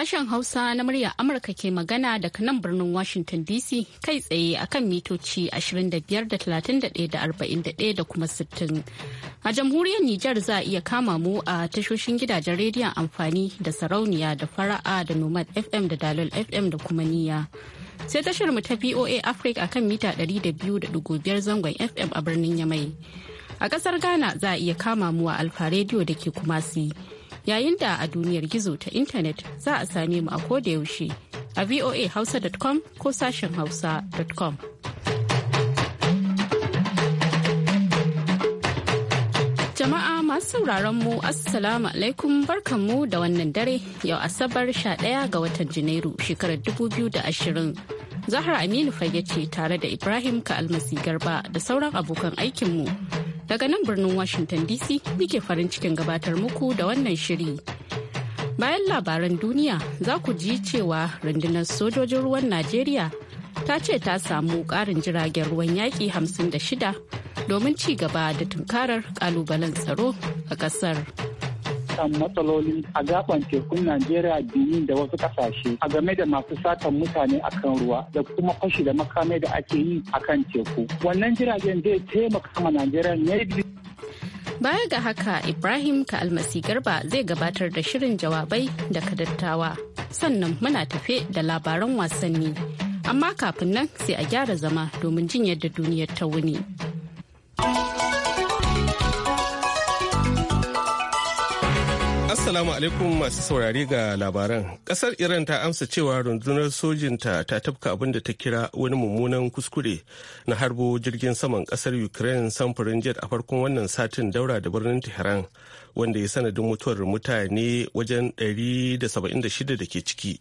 Sashen Hausa na murya Amurka ke magana daga nan birnin Washington DC kai tsaye akan mitoci 25 da 31 da 41 da kuma 60. A jamhuriyar Nijar za a iya kama mu a tashoshin gidajen rediyon amfani da sarauniya da fara'a da Nomad FM da Dalol FM da kuma niya. Sai tashar mu ta VOA Africa akan mita 200.5 zangon FM a birnin Yamai. A kasar Ghana za a iya kama mu a Alfa Radio da ke Kumasi. yayin da a duniyar gizo ta intanet za a same mu a yaushe a voahausa.com ko sashen hausa.com. Jama'a masu sauraron mu Assalamu alaikum barkanmu da wannan dare yau Asabar sha 11 ga watan Janairu shekarar dubu biyu da ashirin Zahra Aminu fage ce tare da Ibrahim ka almasi Garba da sauran abokan aikinmu. daga nan birnin Washington DC muke farin cikin gabatar muku da wannan shiri. Bayan labaran duniya za ku ji cewa rundunar sojojin ruwan Najeriya ta ce ta samu ƙarin jiragen ruwan yaƙi 56 domin ci gaba da tunkarar ƙalubalen tsaro a ƙasar. kan matsalolin a gaban tekun Najeriya Benin da wasu kasashe a game da masu satan mutane akan ruwa da kuma fashi da makamai da ake yi akan teku. Wannan jiragen zai taimaka ma Najeriya ne Baya ga haka Ibrahim ka almasi garba zai gabatar da shirin jawabai da dattawa. Sannan muna tafe da labaran wasanni. Amma kafin nan sai a gyara zama domin jin yadda duniyar ta wuni. Assalamu alaikum masu saurari ga labaran. Kasar Iran ta amsa cewa rundunar sojinta ta tafka abin da ta kira wani mummunan kuskure na harbo jirgin saman kasar Ukraine samfurin jet a farkon wannan satin daura da birnin Tehran wanda ya sanadin mutuwar mutane wajen 176 da ke ciki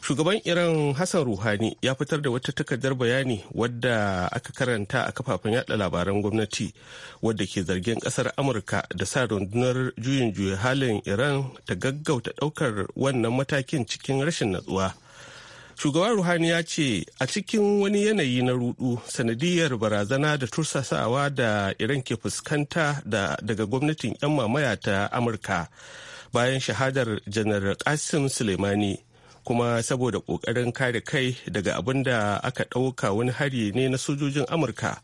shugaban iran hassan ruhani ya fitar da wata takardar bayani wadda aka karanta a kafafen yada labaran gwamnati wadda ke zargin ƙasar amurka da sa rundunar juyin juya halin iran ta gaggauta ɗaukar wannan matakin cikin rashin natsuwa shugaban ruhani ya ce a cikin wani yanayi na rudu sanadiyar barazana da tursasawa da iran ke fuskanta daga gwamnatin 'yan mamaya ta amurka bayan shahadar janar kasim suleimani kuma saboda kokarin kare kai daga abin da aka ɗauka wani hari ne na sojojin amurka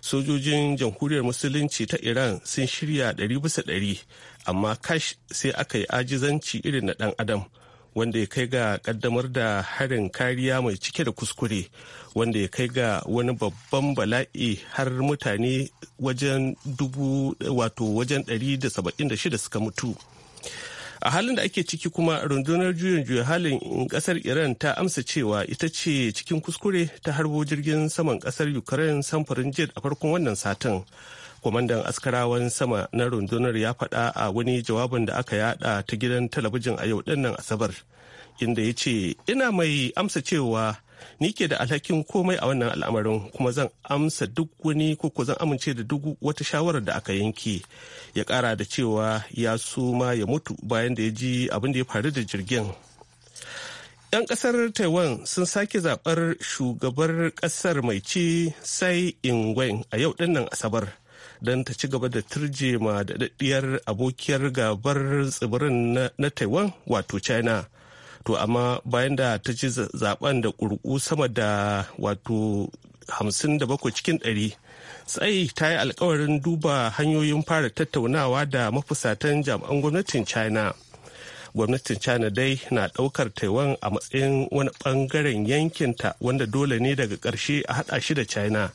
sojojin jamhuriyar musulunci ta iran sun shirya ɗari bisa ɗari amma kash sai aka yi ajizanci irin na ɗan adam wanda ya kai ga ƙaddamar da harin kariya mai cike da kuskure wanda ya kai ga wani babban bala'i har mutane wajen dubu wato wajen 176 suka mutu a halin da ake ciki kuma rundunar juyin juya halin kasar iran ta amsa cewa ita ce cikin kuskure ta harbo jirgin saman kasar ukraine samfurin jet a farkon wannan satin kwamandan askarawan sama na rundunar ya faɗa a wani jawabin da aka yada ta gidan talabijin a yau dinnan asabar inda ya ce ina mai amsa cewa ni ke da alhakin komai a wannan al'amarin kuma zan amsa duk wani ko zan amince da duk wata shawarar da aka yanke ya kara da cewa ya suma ya mutu bayan da ya ji abin da ya faru da jirgin 'yan kasar taiwan sun sake zabar shugabar kasar mai ci sai ingwen a yau dinnan asabar don ta ci gaba da turje ma daɗaɗɗiyar abokiyar gabar tsibirin na taiwan wato china to amma bayan da ta ci zaben da ƙurƙu sama da wato bakwai cikin 100 sai ta yi alkawarin duba hanyoyin fara tattaunawa da mafusatan jami'an gwamnatin china gwamnatin china dai na ɗaukar taiwan a matsayin wani bangaren yankinta wanda dole ne daga ƙarshe a hada shi da china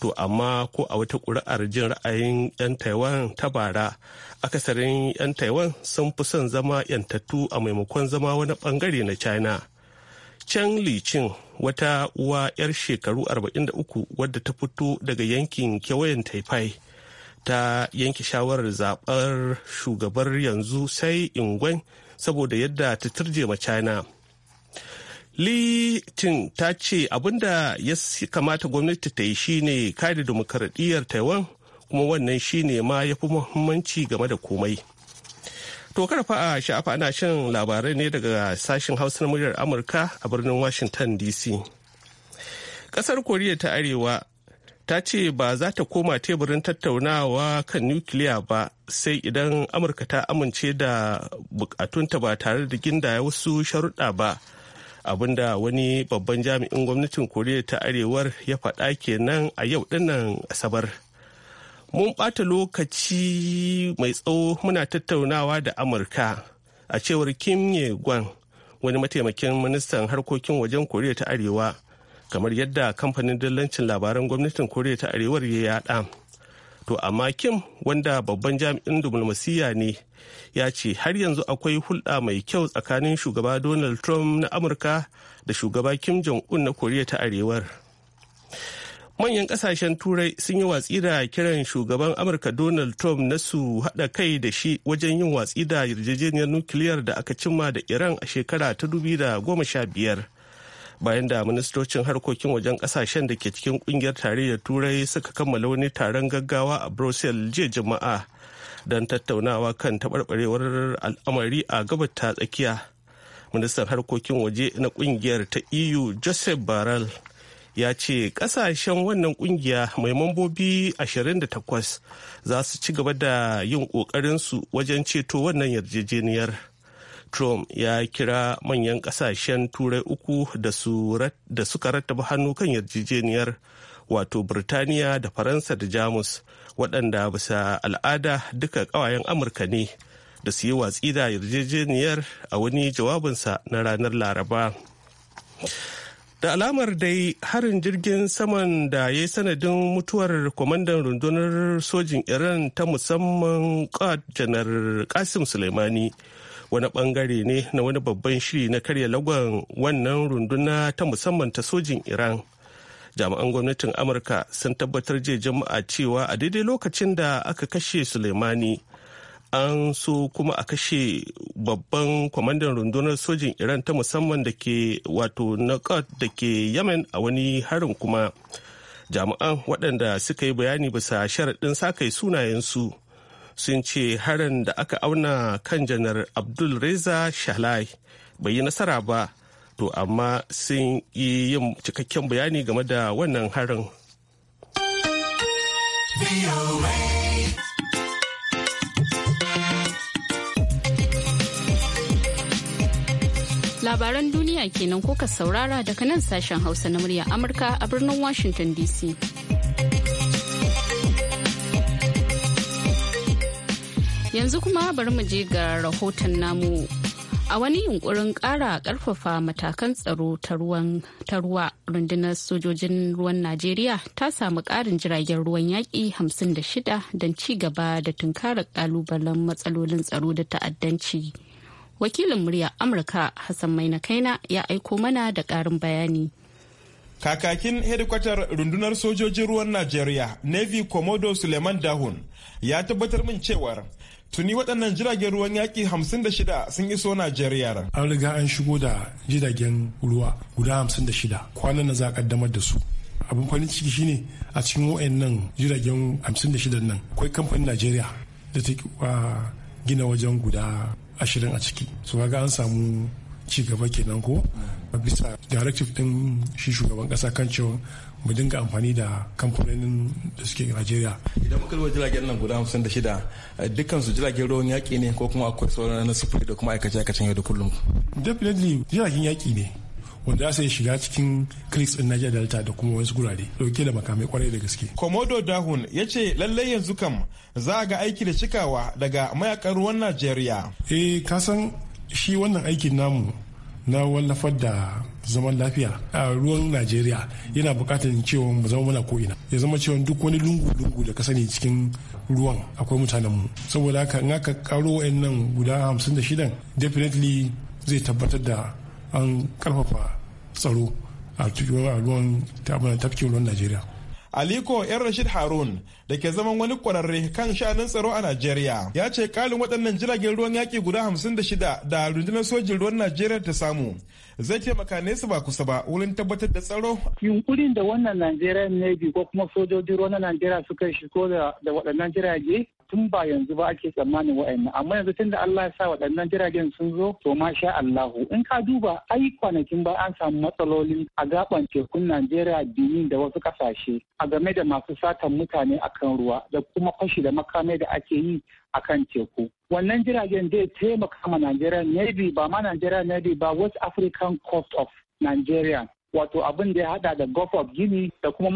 to amma ko a wata ƙuri'ar jin ra'ayin 'yan taiwan ta bara akasarin 'yan taiwan sun fi son zama 'yantattu a maimakon zama wani bangare na china Chen Li wata uwa 'yar shekaru 43 wadda ta fito daga yankin kewayen Taifai ta yanke shawarar zaɓar shugabar yanzu sai Ingwen saboda yadda ta turjema China. Li ta ce abinda ya kamata gwamnati ta yi shine kare demokaradiyyar Taiwan kuma wannan shi ne ma ya fi muhimmanci game da komai to karfa a sha'afa ana shan labarai ne daga sashen hausa na muryar amurka a birnin washington dc kasar koriya ta arewa ta ce ba za ta koma teburin tattaunawa kan nukiliya ba sai idan amurka ta amince da bukatunta ba tare da gindaya wasu sharuɗa ba abinda wani babban jami'in gwamnatin koriya ta arewar ya faɗa kenan a yau dinnan asabar mun ɓata lokaci mai tsawo muna tattaunawa da amurka a cewar kim ye gwan wani mataimakin ministan harkokin wajen koriya ta arewa kamar yadda kamfanin dillancin labaran gwamnatin koriya ta arewar ya yada to amma kim wanda babban jami'in diplomasiyya ne ya ce har yanzu akwai hulɗa mai kyau tsakanin shugaba donald trump na amurka da shugaba kim jong-un na koriya ta arewar manyan kasashen turai sun yi watsi da kiran shugaban amurka donald trump na su haɗa kai da shi wajen yin watsi da yarjejeniyar nukiliyar da aka cimma da iran a shekara ta dubi da goma sha biyar bayan da ministocin harkokin wajen kasashen da ke cikin kungiyar tarayyar turai suka kammala wani taron gaggawa a brussels jiya juma'a don tattaunawa kan taɓarɓarewar al'amari a gabar ta tsakiya ministan harkokin waje na kungiyar ta eu joseph barrel ya ce kasashen wannan kungiya mai mambobi 28 za su ci gaba da yin ƙoƙarinsu wajen ceto wannan yarjejeniyar trump ya kira manyan kasashen turai uku da suka rattaba hannu kan yarjejeniyar wato birtaniya da faransa da jamus waɗanda bisa al'ada duka ƙawayen amurka ne da su yi watsi da yarjejeniyar a wani jawabinsa na ranar laraba da alamar dai harin jirgin saman da ya yi sanadin mutuwar kwamandan rundunar sojin iran ta musamman janar kasim suleimani wani bangare ne na wani babban shiri na karya lagon wannan runduna ta musamman ta sojin iran jami'an gwamnatin amurka sun tabbatar jiya jama'a cewa a daidai lokacin da aka kashe suleimani an so kuma a kashe babban kwamandan rundunar sojin iran ta musamman da ke wato nakat da ke yemen a wani harin kuma jami'an waɗanda suka yi bayani bisa sharaɗin sakai sunayensu sun ce harin da aka auna kan janar abdul reza shalai bai yi nasara ba to amma sun yi yin cikakken bayani game da wannan harin. Labaran duniya kenan kuka saurara daga nan sashen Hausa na murya Amurka a birnin Washington DC. Yanzu kuma bari mu je ga rahoton namu. A wani yunkurin ƙara ƙarfafa matakan tsaro ta ruwa rundunar sojojin ruwan Najeriya ta samu ƙarin jiragen ruwan yaƙi 56 don ci gaba da tunkarar ƙalubalen matsalolin tsaro da ta'addanci. wakilin murya amurka hassan maina kaina ya aiko mana da karin bayani kakakin hedikwatar rundunar sojojin ruwan najeriya navy komodo suleiman dahun ya tabbatar min cewar tuni waɗannan jiragen ruwan yaƙi 56 sun iso najeriya an riga an shigo da jiragen ruwa guda 56 kwanan na za a kaddamar da su abin farin ciki shine a cikin nan jiragen 56 nan akwai kamfanin najeriya da ta ah, gina wajen guda ashirin a ciki su ga an samu ci gaba kenan ko bisa directive din shi shugaban kasa kan cewa mu dinga amfani da kamfanonin da suke Najeriya. Idan muka lura jiragen nan guda hamsin da shida eh, dukkan jiragen ruwan yaƙi ne ko kuma akwai sauran na sufuri da kuma aikace aikacen yau da kullum. Definitely jiragen yaki ne wanda za su shiga cikin creeks din Niger Delta da kuma wasu gurare dauke da makamai kwarai da gaske. Komodo Dahun ya ce lallai yanzu kam za a ga aiki da cikawa daga mayakan ruwan Najeriya. Eh kasan shi wannan aikin namu na wallafar da zaman lafiya a ruwan najeriya yana bukatar cewa mu zama muna ina. ya zama cewa duk wani lungu-lungu da ka sani cikin ruwan akwai mutanenmu saboda haka in aka karo nan guda hamsin da 56 definitely zai tabbatar da an karfafa tsaro a ruwan tafkin ruwan najeriya Aliko ‘yan Rashid Harun da ke zaman wani kwararre kan sha'anin tsaro a Najeriya ya ce kalin waɗannan jiragen ruwan yaƙi guda 56 da rundunar sojin ruwan Najeriya ta samu zai taimaka su ba kusa ba wurin tabbatar da tsaro. Yunkurin da wannan Najeriya Navy ko kuma sojojin ruwan Najeriya suka shigo da waɗannan jirage tun ba yanzu ba ake tsammanin wa'annan amma yanzu tun da Allah ya sa waɗannan jiragen sun zo to ma sha Allahu in ka duba ai kwanakin ba an samu matsalolin a gaban tekun Najeriya Benin da wasu kasashe a game da masu satan mutane akan ruwa da kuma fashi da makamai da ake yi akan teku wannan jiragen zai taimaka ma Najeriya Navy ba ma Najeriya Navy ba West African Coast of Nigeria wato abin da ya hada da Gulf of Guinea da kuma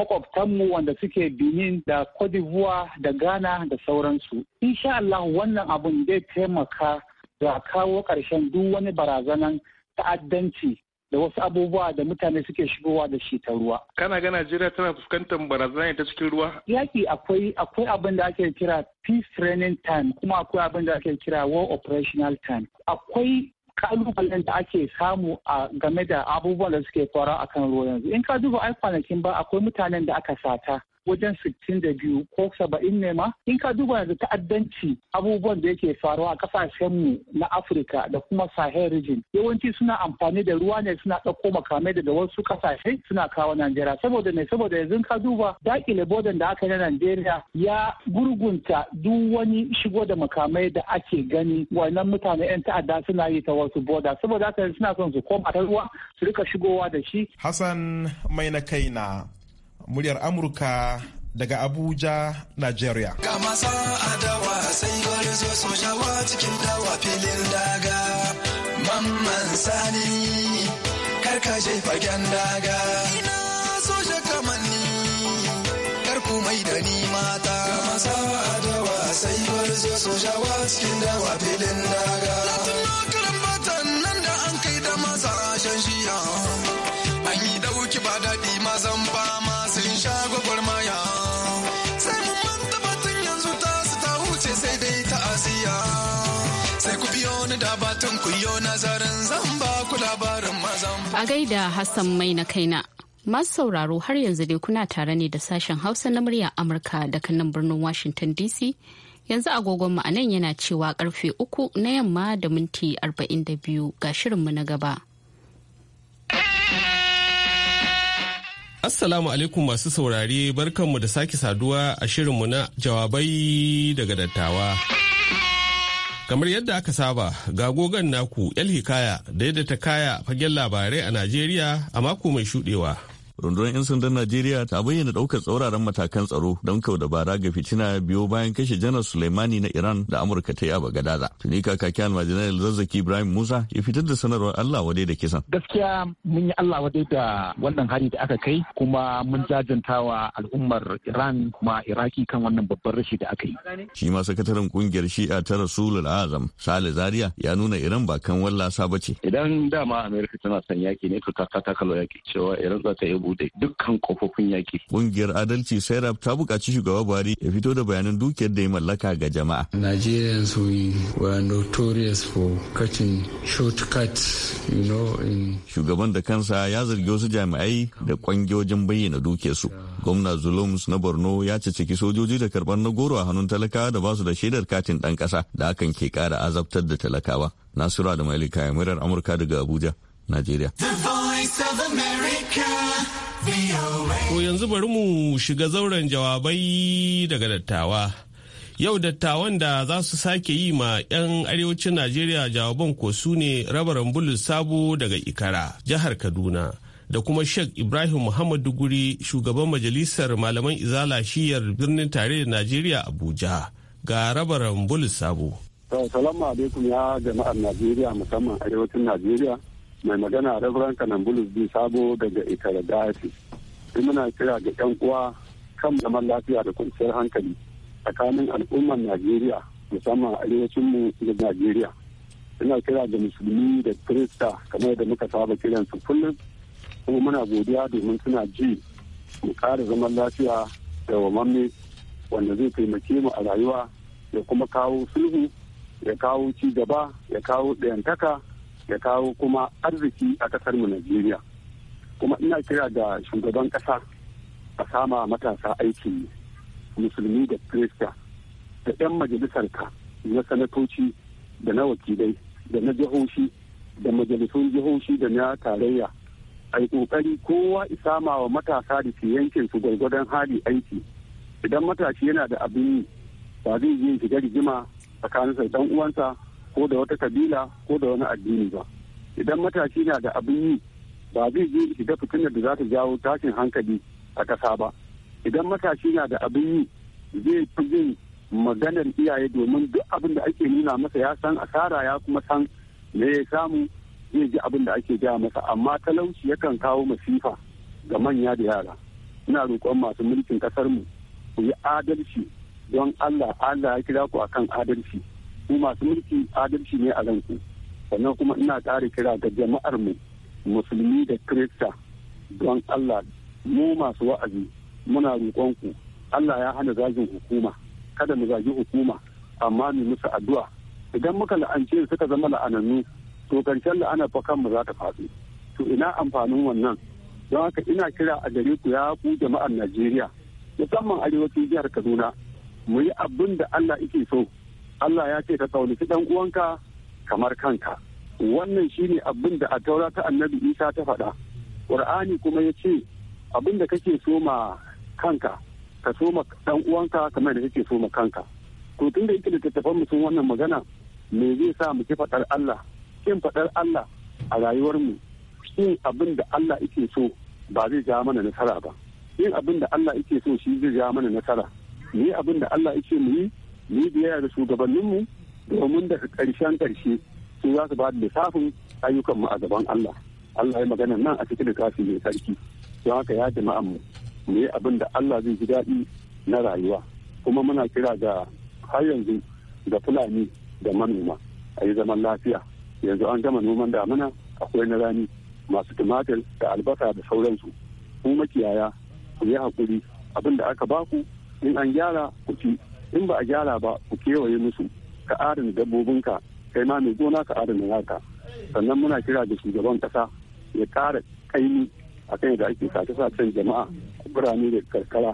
mu wanda suke Benin da Cote d'Ivoire da Ghana da sauransu. Insha Allah wannan abin zai taimaka da kawo ƙarshen duk wani barazanan ta'addanci da wasu abubuwa da mutane suke shigowa da shi ta ruwa. Kana ga Najeriya tana fuskantar barazana ta cikin ruwa? Yaki akwai akwai abin da ake kira peace training time kuma akwai abin da ake kira war operational time. Akwai kalubalen da ake samu a game da abubuwan da suke kwara kan ruwa yanzu in ka duba ai kwanakin ba akwai mutanen da aka sata wajen sittin da biyu ko saba'in ne ma in ka duba yanzu ta'addanci abubuwan da yake faruwa a kasashenmu na afirka da kuma sahel region yawanci suna amfani da ruwa ne suna ɗauko makamai da wasu kasashe suna kawo najeriya saboda ne saboda yanzu ka duba dakile bodan da aka yi na najeriya ya gurgunta duk wani shigo da makamai da ake gani wannan mutane 'yan ta'adda suna yi ta wasu boda saboda haka suna son su koma ta ruwa su rika shigowa da shi hassan mai na kaina muryar amurka daga abuja nigeria ga masu adawa sai wani zo sojawa cikin dawa filin daga mamman sani karkashe fagen daga ina soja kamanni karku mai da ni mata ga masu adawa sai wani zo sojawa cikin dawa filin daga latin makaran batan nan da an kai da masarashen shiya idan nazarin zan ba ku labarin mazan. A gaida Hassan mai na kaina. Masu sauraro har yanzu dai kuna tare ne da sashen Hausa na murya Amurka daga nan birnin Washington DC. Yanzu agogon mu anan yana cewa karfe uku na yamma da minti 42 ga shirinmu na gaba. Assalamu alaikum masu saurare barkanmu da sake saduwa a shirinmu na jawabai daga dattawa. kamar yadda aka saba ga gogon naku 'yar hikaya da yadda ta kaya fagen labarai a najeriya a mako mai shudewa rundunar 'yan sandan najeriya ta bayyana daukar tsauraran matakan tsaro don kau da bara ga fitina biyo bayan kashe janar sulaimani na iran da amurka ta yi a bagadaza tuni kakaki almajinar zazzaki ibrahim musa ya fitar da sanarwar allah wadai da kisan gaskiya mun yi allah wadai da wannan hari da aka kai kuma mun jajantawa al'ummar iran ma iraki kan wannan babban rashi da aka yi shi ma sakataren kungiyar shi'a ta rasulul azam sale zaria ya nuna iran ba kan wallasa ba ce idan dama amerika tana son yaki ne to ta kalo yaki cewa iran za ta yi bude dukkan kofofin yaki. Kungiyar Adalci Serap ta buƙaci shugaba Buhari ya fito da bayanan dukiyar da ya mallaka ga jama'a. Nigerians we were notorious for cutting shortcuts, you know, in Shugaban da kansa ya zargi wasu jami'ai da kwangiyojin bayyana dukiyarsu. Gwamna Zulums na Borno ya ciki sojoji da karɓar na goro a hannun talakawa da basu da shaidar katin ɗan ƙasa da hakan ke ƙara azabtar da talakawa. Nasiru da Malika murar Amurka daga Abuja, Najeriya. To yanzu bari mu shiga zauren jawabai daga dattawa. Yau dattawan da za su sake yi ma 'yan arewacin Najeriya jawaban ko su ne rabaran bulus sabo daga Ikara, jihar Kaduna, da kuma Sheikh Ibrahim muhammadu guri shugaban majalisar malaman izala shiyar birnin tare da Najeriya Abuja, ga rabaran bulus sabo. Salamu alaikum ya jama'ar Najeriya musamman arewacin Najeriya mai magana rabaran kanan bulus sabo daga Ikara Diocese. muna kira ga 'yan uwa kan zaman lafiya da kwanciyar hankali tsakanin al'ummar najeriya musamman a arewacin mu da najeriya ina kira da musulmi da kirista kamar da muka saba kiran su kullum kuma muna godiya domin suna ji mu kara zaman lafiya da mamme wanda zai taimake mu a rayuwa ya kuma kawo sulhu ya kawo ci gaba ya kawo ɗayantaka ya kawo kuma arziki a ƙasar mu najeriya kuma ina kira da shugaban ƙasa a sama matasa aikin musulmi da kirista da 'yan majalisar ka na sanatoci da na wakilai da na jihohi da majalisun jihohi da na tarayya a yi kokari kowa isama wa matasa da ke yankin su gwargwadon hali aiki idan matashi yana da abin yi ba zai yi shiga rigima tsakaninsa da dan uwansa ko da wata kabila ko da wani addini ba idan matashi na da abin yi ba zai je shiga fitinar da za ta jawo tashin hankali a kasa ba idan matashi na da abin yi zai fi jin maganar iyaye domin duk abin da ake nuna masa ya san asara ya kuma san me ya samu zai ji abin da ake gaya masa amma talauci yakan kawo masifa ga manya da yara ina roƙon masu mulkin ƙasar mu ku yi adalci don Allah Allah ya kira ku akan adalci ku masu mulki adalci ne a ranku sannan kuma ina ƙara kira ga jama'ar mu musulmi da kirista don allah mu masu wa'azi muna roƙonku allah ya hana zagin hukuma kada mu zagi hukuma amma mu musu addu'a idan muka la'ance suka zama la'anannu to karshen la'ana fa kanmu za ta faɗi to ina amfanin wannan don haka ina kira a gare ku ya ku jama'ar najeriya musamman arewacin jihar kaduna mu yi abin da allah yake so allah ya ce ka tsaunaki dan uwanka kamar kanka wannan shine abin da a taura ta annabi isa ta faɗa ƙur'ani kuma ya ce abin da kake soma kanka ka soma ɗan uwanka kamar da kake soma kanka to da yake da tattafan sun wannan magana me zai sa mu faɗar Allah kin faɗar Allah a rayuwar mu yin abin da Allah yake so ba zai ja mana nasara ba yin abin da Allah yake so shi zai ja mana nasara ni abin da Allah yake mu yi ni biyayya da shugabanninmu domin daga ƙarshen ƙarshe su za su ba da lissafin ayyukan mu a gaban Allah Allah ya magana nan a cikin littafi mai sarki don haka ya jama'a mu mu yi abin da Allah zai ji daɗi na rayuwa kuma muna kira ga har yanzu da fulani da manoma a yi zaman lafiya yanzu an gama noman damina akwai na rani masu tumatir da albasa da sauransu ku makiyaya ku yi hakuri abin da aka ba ku in an gyara ku ci in ba a gyara ba ku kewaye musu ka adana dabbobinka kai ma mai gona ka adana yaka sannan muna kira da shugaban kasa ya ƙara kaimi a kan yadda ake sa sacen jama'a a birane da karkara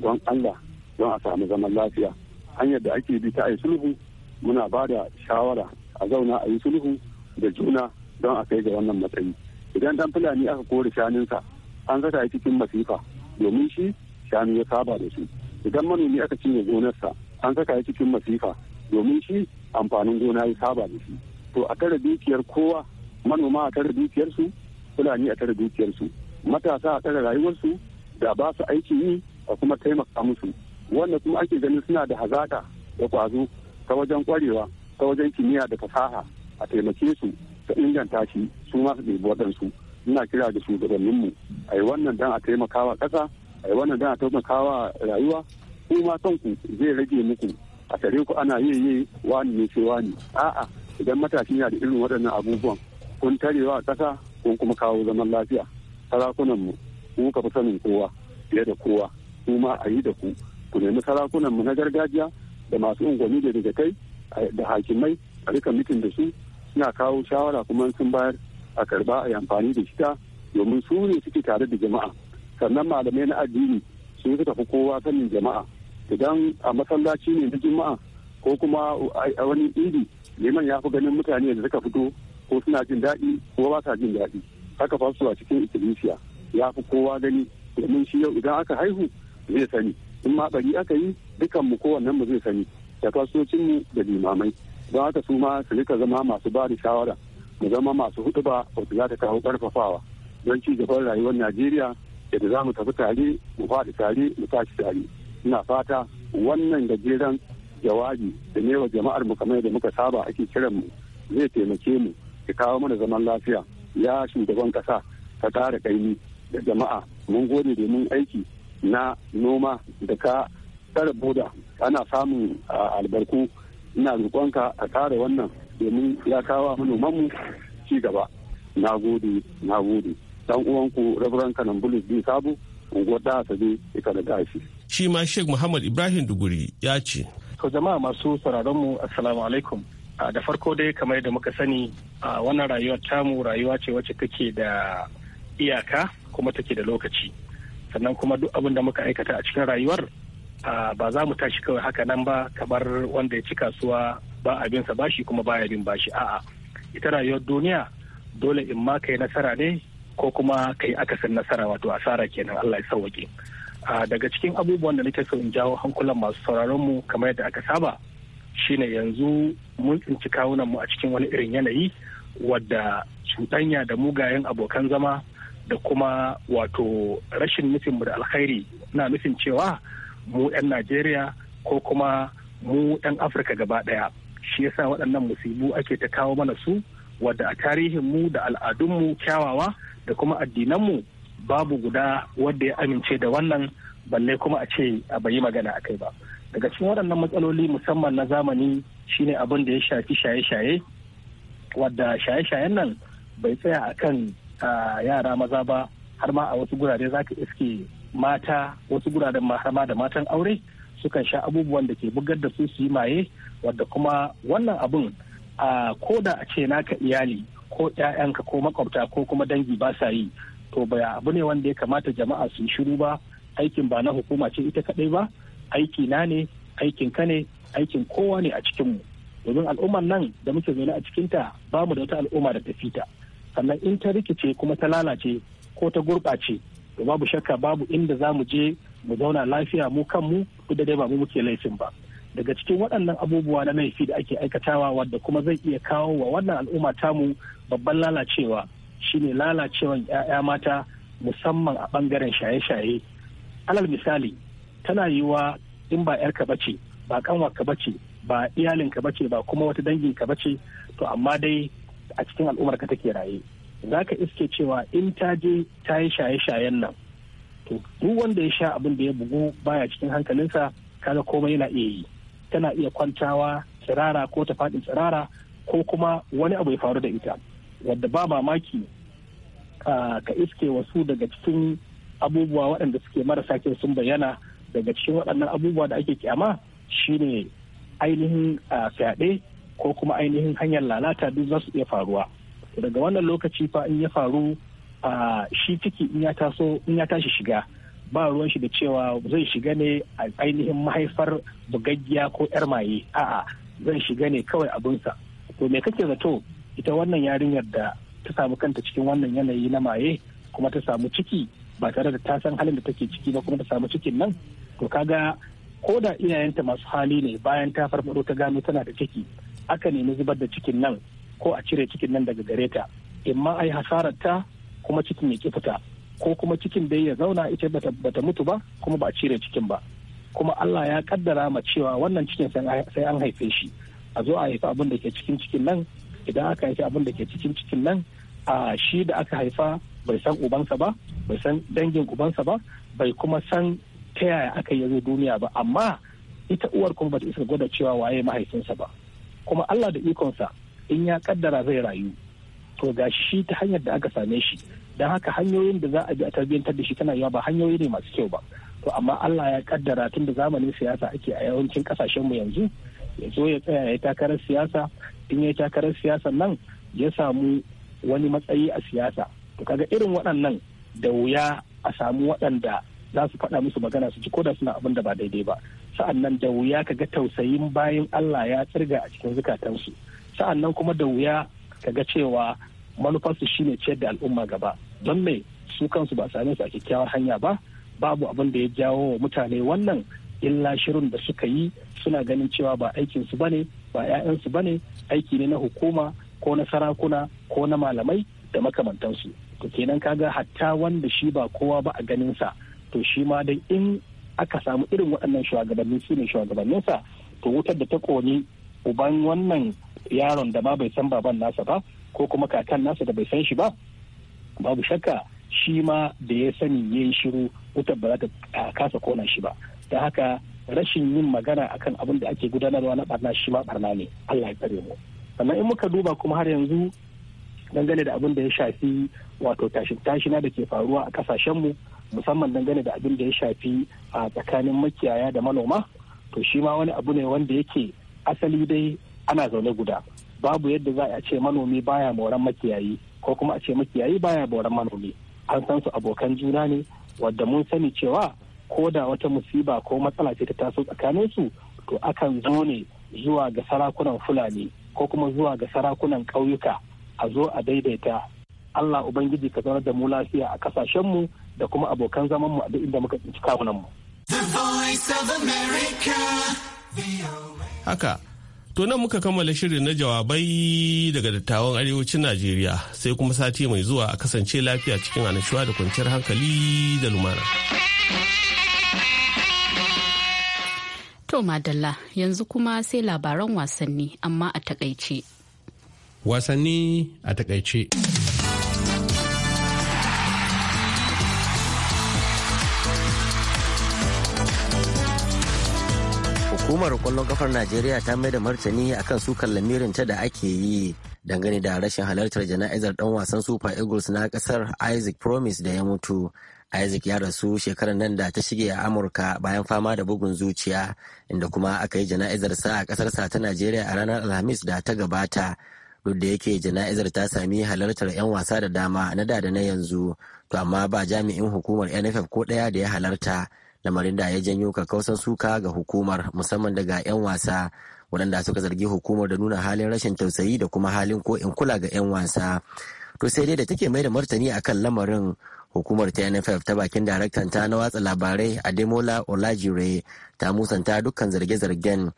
don allah don a samu zaman lafiya hanyar da ake bi ta a yi sulhu muna ba da shawara a zauna a yi sulhu da juna don a kai ga wannan matsayi idan dan fulani aka kore shanunsa an saka cikin masifa domin shi shanu ya saba da su idan manomi aka cinye gonarsa an saka ya cikin masifa domin shi amfanin gona ya saba da shi to a tare dukiyar kowa manoma a tare dukiyarsu fulani a tare dukiyarsu matasa a tare rayuwarsu da ba su aiki yi a kuma taimaka musu wanda kuma ake ganin suna da hazaƙa da kwazo ta wajen kwarewa ta wajen kimiyya da fasaha a taimake su ta inganta shi su su ɗebi waɗansu ina kira da shugabanninmu a yi wannan dan a taimakawa ƙasa a yi wannan dan a taimakawa rayuwa kuma kanku zai rage muku a tare ku ana yi yi wani ne sai wani a'a idan matashi yana da irin waɗannan abubuwan kun tarewa a ƙasa kun kuma kawo zaman lafiya sarakunan mu mu ka fi sanin kowa fiye da kowa kuma ma a yi da ku ku nemi sarakunan mu na gargajiya da masu unguwanni da daga kai da hakimai a rika mitin da su suna kawo shawara kuma sun bayar a karba a yi amfani da shita domin su ne suke tare da jama'a sannan malamai na addini su suka fi kowa sanin jama'a idan a masallaci ne na juma'a ko kuma a wani iri neman ya fi ganin mutane da suka fito ko suna jin daɗi ko ba sa jin daɗi haka fasu a cikin ikkilisiya ya fi kowa gani domin shi yau idan aka haihu zai sani in ma bari aka yi dukan mu kowannen mu zai sani da fasocin mu da limamai don haka su ma su rika zama masu ba da shawara mu zama masu hudu ba wata za ta kawo ƙarfafawa don ci gaban rayuwar najeriya yadda za mu tafi tare mu faɗi tare mu tashi tare ina fata wannan gajeren jawabi da ne wa jama'ar mu kamar da muka saba ake kiran mu zai taimake mu ya kawo mana zaman lafiya ya shugaban kasa ta kara kaimi da jama'a mun gode domin aiki na noma da ka tsara boda ana samun albarku ina roƙonka a tsara wannan domin ya kawo mu ci gaba na gode na gode dan uwanku rabran kanan bulus bin sabu unguwar da asabe ita da gashi shi ma sheikh muhammad ibrahim duguri ya ce to jama'a masu sauraron mu assalamu alaikum ah, da farko dai kamar da muka sani a ah, wannan rayuwa tamu rayuwa ce wacce take da iyaka kuma take da lokaci sannan kuma duk abin da muka aikata a cikin rayuwar ah, ba za mu tashi kawai haka nan ba kamar wanda ya ci kasuwa ba abinsa bashi kuma baya bin bashi a'a ita rayuwar duniya dole in ma kai nasara ne ko kuma kai akasin nasara wato asara kenan Allah ya sauwaƙe a daga cikin abubuwan da nake so in jawo hankulan masu sauraron mu kamar yadda aka saba shine yanzu mun tsinci kawunan mu a cikin wani irin yanayi wadda cuɗanya da mugayen abokan zama da kuma wato rashin nufin da alkhairi na nufin cewa mu 'yan najeriya ko kuma mu 'yan afirka gaba ɗaya shi yasa waɗannan musibu ake ta kawo mana su wadda a tarihin mu da al'adunmu kyawawa da kuma addinanmu babu guda wadda ya amince da wannan balle kuma a ce a bayi magana a kai ba daga cikin waɗannan matsaloli musamman na zamani shine abin da ya shafi shaye-shaye wadda shaye-shayen nan bai tsaya a kan yara maza ba har ma a wasu gurare za ka iske mata wasu guraren ma da matan aure sukan sha abubuwan da ke bugar da su su yi maye wadda kuma wannan abun a ko da a ce naka iyali ko 'ya'yanka ko makwabta ko kuma dangi ba sa yi to ba abu ne wanda ya kamata jama'a sun shiru ba aikin ba na hukuma ce ita kadai ba aiki na ne aikin ka ne aikin kowa ne a cikinmu domin al'ummar nan da muke zaune a cikinta ba mu da wata al'umma da tafita sannan in ta rikice kuma ta lalace ko ta gurɓace to babu shakka babu inda za mu je mu zauna lafiya mu kanmu duk da dai ba mu muke laifin ba daga cikin waɗannan abubuwa na laifi da ake aikatawa wadda kuma zai iya kawo wa wannan al'umma tamu babban lalacewa shine lalacewan 'ya'ya mata musamman a bangaren shaye-shaye alal misali tana yiwa in ba 'yarka bace ba kanwarka bace ba iyalinka bace ba kuma wata danginka bace to amma dai a cikin al'ummarka take raye zaka iske cewa in ta je ta yi shaye-shayen nan to duk wanda ya sha abin da ya bugu baya cikin hankalinsa kaga komai yana iya yi tana iya kwantawa tsirara ko ta faɗi tsirara ko kuma wani abu ya faru da ita wadda ba mamaki ka iske wasu daga cikin abubuwa waɗanda suke marasa kyau sun bayyana daga cikin waɗannan abubuwa da ake kyama shine ainihin fyaɗe ko kuma ainihin hanyar lalata duk za su iya faruwa daga wannan lokaci fa in ya faru shi ciki in ya taso in ya tashi shiga ba ruwan shi da cewa zai shiga ne a ainihin mahaifar bugaggiya ko yar maye a'a zai shiga ne kawai abinsa to me kake zato ita wannan yarinyar da ta samu kanta cikin wannan yanayi na maye kuma ta samu ciki ba tare da ta san halin da take ciki ba kuma ta samu cikin nan to kaga ko da iyayenta masu hali ne bayan ta farfado ta gano tana da ciki aka nemi zubar da cikin nan ko a cire cikin nan daga gare ta imma ai hasarar ta kuma cikin ya fita ko kuma cikin da ya zauna ita bata mutu ba kuma ba a cire cikin ba kuma Allah ya kaddara ma cewa wannan cikin sai an haife shi a zo a haifi abin da ke cikin cikin nan idan aka haifi abin da ke cikin cikin nan a shi da aka haifa bai san ubansa ba bai san dangin ubansa ba bai kuma san ta yaya aka yi zo duniya ba amma ita uwar kuma bata isa gwada cewa waye mahaifinsa ba kuma Allah da ikonsa in ya kaddara zai rayu to ga shi ta hanyar da aka same shi don haka hanyoyin da za a bi a tarbiyyantar da shi tana yawa ba hanyoyi ne masu kyau ba to amma Allah ya kaddara tun da zamanin siyasa ake a yawancin kasashen mu yanzu ya zo ya tsaya ya takarar siyasa in ya takarar siyasa nan ya samu wani matsayi a siyasa to kaga irin waɗannan da wuya a samu waɗanda za su faɗa musu magana su ji koda suna abin da ba daidai ba sa'an nan da wuya ka ga tausayin bayan Allah ya tsirga a cikin zukatansu sa'an nan kuma da wuya ka ga cewa manufarsu shine ciyar da al'umma gaba don me su kansu ba same su a kyakkyawar hanya ba babu abin da ya jawo wa mutane wannan illa shirin da suka yi suna ganin cewa ba aikinsu ba ne ba 'ya'yansu ba ne aiki ne na hukuma ko na sarakuna ko na malamai da makamantansu to kenan kaga hatta wanda shi ba kowa ba a ganin sa to shi ma dai in aka samu irin waɗannan shugabanni su ne shugabanninsa to wutar da ta koni uban wannan yaron da ma bai san baban nasa ba ko kuma kakan nasa da bai san shi ba babu shakka shi ma da ya sani ya yi shiru wutar ba za ta kasa kona shi ba da haka rashin yin magana akan abin da ake gudanarwa na barna shi ma barna ne allah ya tsare mu sannan in muka duba kuma har yanzu dangane da abin da ya shafi wato tashin tashina da ke faruwa a mu musamman dangane da abin da ya shafi a tsakanin makiyaya da manoma to shi ma wani abu ne wanda yake asali dai ana zaune guda babu yadda za a ce manomi baya moran makiyayi ko kuma a ce makiyayi baya moran manomi an san su abokan juna ne wadda mun sani cewa ko da wata musiba ko matsala ce ta taso tsakanin su to akan zo ne zuwa ga sarakunan fulani ko kuma zuwa ga sarakunan ƙauyuka a zo a daidaita Allah Ubangiji ka zaunar da mu lafiya a kasashenmu da kuma abokan zaman mu a duk inda muka tsinci mu. Haka, to nan muka kammala shirin na jawabai daga dattawan arewacin Najeriya sai kuma sati mai zuwa a kasance lafiya cikin annashuwa da kwanciyar hankali da lumana. To Madalla yanzu kuma sai labaran wasanni amma a takaice. Wasanni a takaice. hukumar kwallon kafar najeriya ta mai da martani akan sukan lamirinta da ake yi dangane da rashin halartar jana'izar dan wasan super eagles na kasar isaac promise da ya mutu isaac ya rasu shekarar nan da ta shige a amurka bayan fama da bugun zuciya inda kuma aka yi jana'izar sa a ƙasarsa ta najeriya a ranar alhamis da ta gabata duk da yake jana'izar ta sami halartar 'yan wasa da dama na da na yanzu to amma ba jami'in hukumar nff ko ɗaya da ya halarta lamarin da ya janyo kakausan suka ga hukumar musamman daga 'yan wasa waɗanda suka zargi hukumar da nuna halin rashin tausayi da kuma halin ko in kula ga 'yan wasa to sai dai da take mai da martani akan lamarin hukumar nff ta bakin daraktan ta na watsa labarai ademola olajire ta musanta dukkan zarge-zargen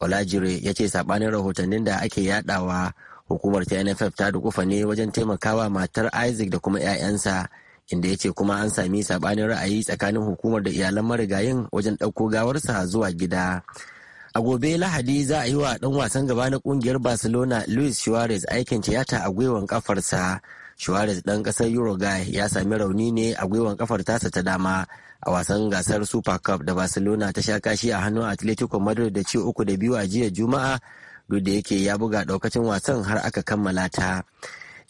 olajire ya ce sabanin rahotannin da ake yadawa hukumar ta nff ta dukufa ne wajen taimakawa matar isaac da kuma 'ya'yansa inda yace kuma an sami sabanin ra'ayi tsakanin hukumar da iyalan marigayin wajen ɗauko gawarsa zuwa gida A gobe Lahadi za a yi wa dan wasan gaba na ƙungiyar Barcelona Luis Suarez aikin tiyata a gwiwan kafarsa. Suarez dan ƙasar Uruguay ya sami rauni ne a gwiwan kafar tasa ta dama a wasan gasar Super Cup da Barcelona ta sha kashi a hannun Atletico Madrid da ci uku da biyu a jiya Juma'a duk da yake ya buga ɗaukacin wasan har aka kammala ta.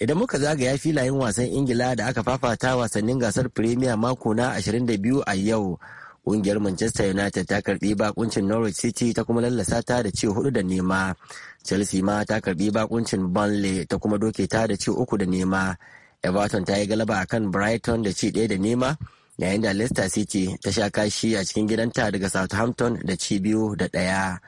Idan muka zagaya filayen wasan Ingila da aka fafata wasannin gasar Premier mako na 22 a yau. Ƙungiyar Manchester United ta karbi bakuncin Norwich City ta kuma lallasa ta da ci hudu da nema. Chelsea ma ta karbi bakuncin Burnley ta kuma doke ta da ci uku da nema. Everton ta yi galaba a kan Brighton da ci ɗaya da nema. Yayin da Leicester City ta sha kashi a cikin gidanta daga Southampton da ci biyu da ɗaya.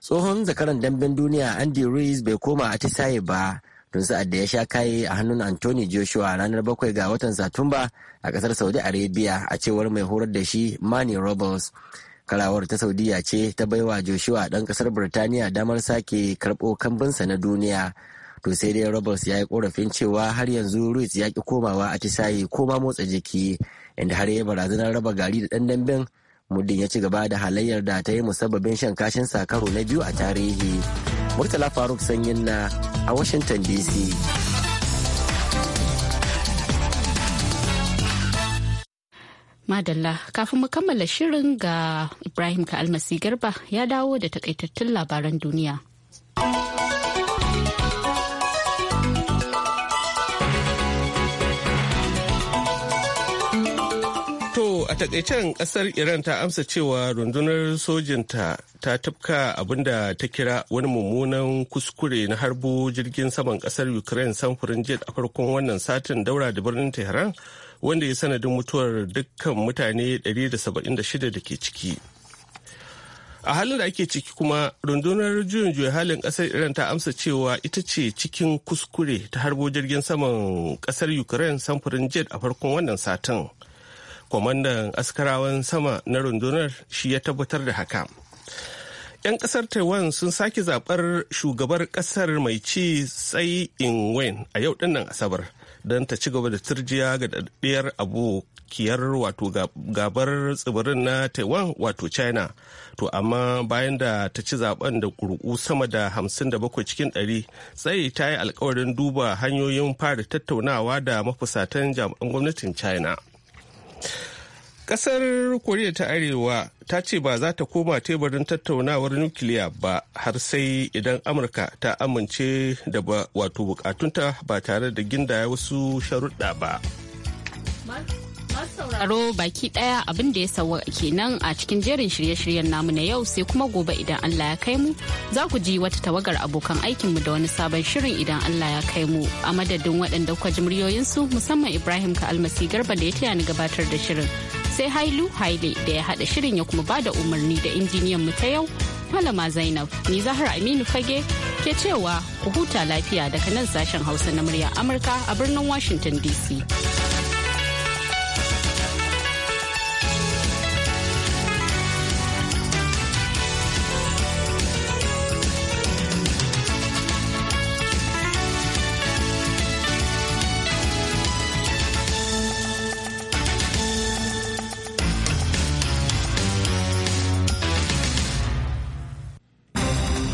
Tsohon zakaran damben duniya Andy Ruiz bai koma a ba. tun sa'ad da ya sha kaye a hannun Anthony Joshua ranar bakwai ga watan Satumba a kasar Saudi Arabia a cewar mai horar da shi Manny Robles. Karawar ta Saudiya ce ta baiwa Joshua ɗan kasar Birtaniya damar sake karɓo kambinsa na duniya. To sai dai Robles ya yi korafin cewa har yanzu Ruiz ya ki komawa a tisayi ko ma motsa jiki inda har ya barazanar raba gari da ɗan damben muddin ya ci gaba da halayyar da ta yi musabbabin shan kashin sa karo na biyu a tarihi. Murtala Faruk Sanyin na a Washington DC. Madalla kafin mu kammala shirin ga Ibrahim Ka'almasi Garba ya dawo da takaitattun labaran duniya. takaicen kasar iran ta amsa cewa rundunar sojinta ta tafka abinda ta kira wani mummunan kuskure na harbo jirgin saman kasar ukraine samfurin jet a farkon wannan satin daura da birnin tehran wanda ya sanadin mutuwar dukkan mutane 176 da ke ciki a halin da ake ciki kuma rundunar juyin juya halin kasar iran ta amsa cewa ita ce cikin kuskure ta harbo jirgin saman kasar ukraine samfurin jet a farkon wannan satin kwamandan askarawan sama na rundunar shi ya tabbatar da haka 'yan kasar taiwan sun sake zabar shugabar kasar mai ci tsai ing-wen a yau dinnan asabar don ta ci gaba da turjiya ga daddiyar abokiyar wato gabar tsibirin na taiwan wato china to amma bayan da ta ci zaben da kurku sama da hamsin da bakwai cikin ɗari sai ta yi alkawarin duba hanyoyin fara tattaunawa da mafusatan jami'an gwamnatin china Kasar Koriya ta Arewa ta ce ba za ta koma teburin tattaunawar nukiliya ba har sai idan Amurka ta amince da wato bukatunta ba tare da gindaya wasu sharuɗa ba. tsaro baki daya abin da ya sauwa kenan a cikin jerin shirye-shiryen namu na yau sai kuma gobe idan Allah ya kai mu za ku ji wata tawagar abokan aikinmu da wani sabon shirin idan Allah ya kai mu a madadin waɗanda kwa ji musamman Ibrahim ka almasi garba da ya taya ni gabatar da shirin sai Hailu Haile da ya haɗa shirin ya kuma bada umarni da injiniyan mu ta yau Malama Zainab ni Zahra Aminu Fage ke cewa ku huta lafiya daga nan sashen Hausa na murya Amurka a birnin Washington DC.